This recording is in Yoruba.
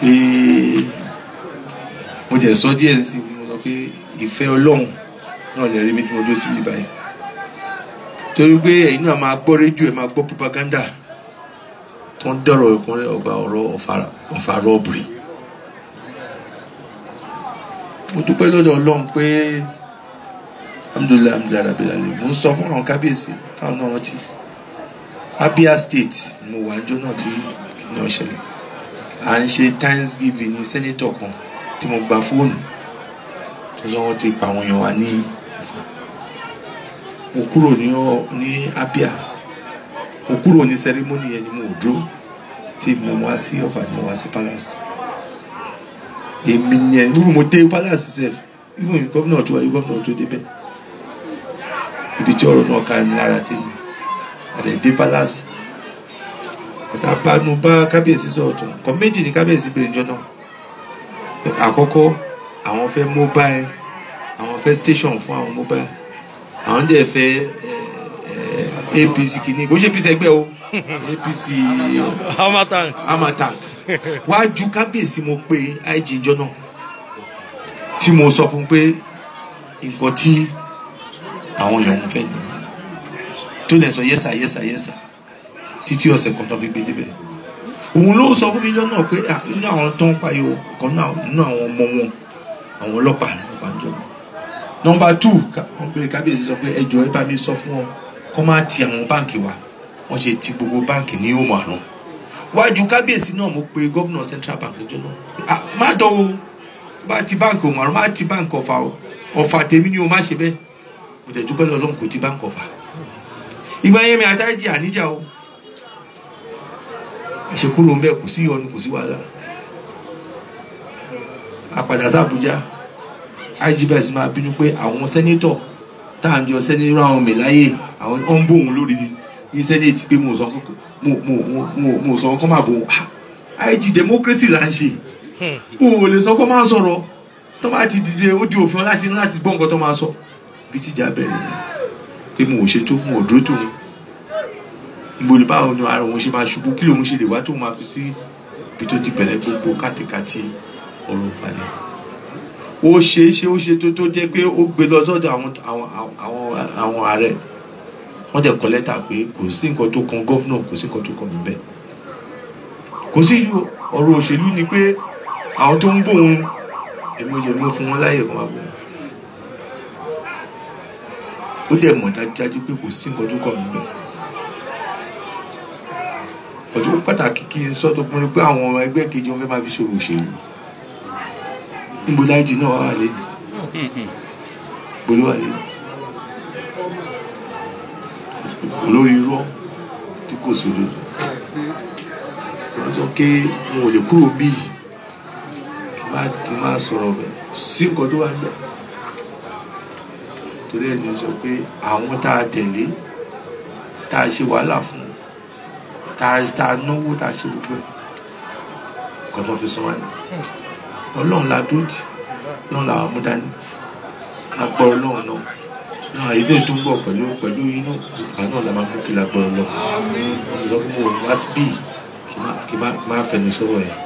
pé mo jẹ sọ díẹ̀ sí ni mo sọ pé ìfẹ́ Ọlọ́run náà lè rí mi tí mo dó síbi báyìí torí pé ẹ̀yin náà máa gbọ́ rédíò ẹ máa gbọ́ propaganda tó ń dọ̀rọ̀ ìkúnrẹ́ ọba ọ̀rọ̀ ọ̀fà rọ́ọ̀bùrì mo dúpẹ́ lọ́dọ̀ Ọlọ́run pé alhamdulilayi alhamdulilayi rabilali mo ń sọ fún àwọn kábíyèsí táwọn náà rántí Abia State ni mo wà níjọ́ náà tí kìnìún ṣẹlẹ̀ à ń ṣe thanksgiving ní sẹ́nitọ̀ kan tí mo gba fóònù tó sọ wọ́n ti pa àwọn èèyàn wa ní Ifá mo kúrò ní ọ ní Abia mo kúrò ní sẹ́rímọ́nì yẹn ni mo dúró tí mo wá sí Ọ̀fà ni mo wá sí palace èmi yẹn níbi mo dé palace sef even gómìnà tó wáyé gómìnà tó débẹ̀ ibi tí ọ̀rọ̀ náà kárí mi lára tèmi àtẹ̀dé palace tá a bá nu bá kábíyèsí sọ̀rọ̀ tó nǹkan méjì ní kábíyèsí bèrè níjọ́ náà àkọ́kọ́ àwọn fẹ́ mobile àwọn fẹ́ station fún àwọn mobile àwọn dẹ̀ fẹ́ eh, eh, APC kìíní kò ṣe APC ẹgbẹ́ o APC Harmattan Harmattan wàá ju kábíyèsí mo pé IG níjọ́ náà tí mo sọ fún pé nǹkan tí àwọn èèyàn ń fẹ́ ni tó lè sọ yẹ́sà yẹ́sà yẹ́sà títí ọ̀sẹ̀ kan tó fi gbé débẹ̀ òun ló sọ fún mi jọ náà pé inú àwọn tó ń pariwo kan náà nínú àwọn ọmọ wọn àwọn ọlọ́pàá ọlọ́pàá ń jọ nọ́mbà tù wọn pèrè kábíyèsí sọ pé ẹjọ́ ẹ bá mi sọ fún wọn kó má ti àwọn báǹkì wa wọn ṣe ti gbogbo báǹkì ní òmò àrùn wájú kábíyèsí náà mo pe gómìnà central bank níjọ́ náà má dán o bá ti báǹkì òmò àrùn má ti báǹkì ọ̀fà o ọ̀fà tèmi ni o má ṣe bẹ́ẹ̀ mo tẹ̀jú pẹ́lú ọlọ́run kò ti báǹkì ọ̀fà ìgbà àṣekúrò ń bẹ kò sí ìyọnu kò sí wàhálà àpàdà sí Àbújá IGBS máa bínú pé àwọn sẹ́nétọ̀ tá à ń yọ sẹ́nétọ̀ àwọn mẹ̀láyè àwọn ọ̀n bò òun lórí ní sẹ́nétì pé mo sọ mo sọ kọ́ máa bò ó ah, IG democracy là ń ṣe mo hmm. ò lè sọ kọ́ máa sọ̀rọ̀ tó máa ti dìde ó di òfin láti gbọ́ nǹkan tó máa sọ bí tíjà bẹ̀rẹ̀ pé mo ò ṣe tó mo ò dúró tó ni ìgbòlè báwo ni ara òun ṣe máa ṣubú kí lòun ṣe lè wá tó máa fi sí ibi tó ti bẹ̀rẹ̀ gbogbo kátikati ọ̀rọ̀ ìfàlẹ̀ ó ṣe é ṣe ó ṣe tó tó jẹ́ pé ó gbé lọ sọ́dọ̀ àwọn ààrẹ wọ́n jẹ́ kọ pé kò sí nǹkan tó kan gọ́fúnà kò sí nǹkan tó kan níbẹ̀ kò sí ọ̀rọ̀ òṣèlú ni pé àwọn tó ń bòun èmi ò yẹ mọ́ fún wọn láyè kan máa bòun ó dẹ̀ mọ̀ dájú pé kò sí nǹkan tó kan níbẹ̀ ọ̀tún mú pàtàkì kí n sọ tó kún ní pé àwọn ẹgbẹ́ kejì wọn fẹ́ máa fi ṣòro òṣèlú níbo dáìjì náà wà wà lẹ́nu gbólóhà lẹ́nu olórí irọ́ tí kò sódò wọ́n sọ pé mo ò lè kúrò bí kí n má sọ̀rọ̀ bẹ̀ sí nǹkan tó wà bẹ̀ torí ẹ̀ sọ pé àwọn tá a tẹ̀lé tá a ṣe wàhálà fún un tá tá náwó tá ṣe gbogbo ẹ̀ kọ́ tó fi sún wa ni la dúró tì ọlọ́run la wà mú dání agbọ́ ọlọ́run náà náà ilé tó ń bọ̀ pẹ̀lú pẹ̀lú inú ìgbà náà la máa mú kí la gbọ́ ọlọ́run ìlọ́kùn mú wá sí bíi kì má fẹnu sọ́wọ́ yẹn.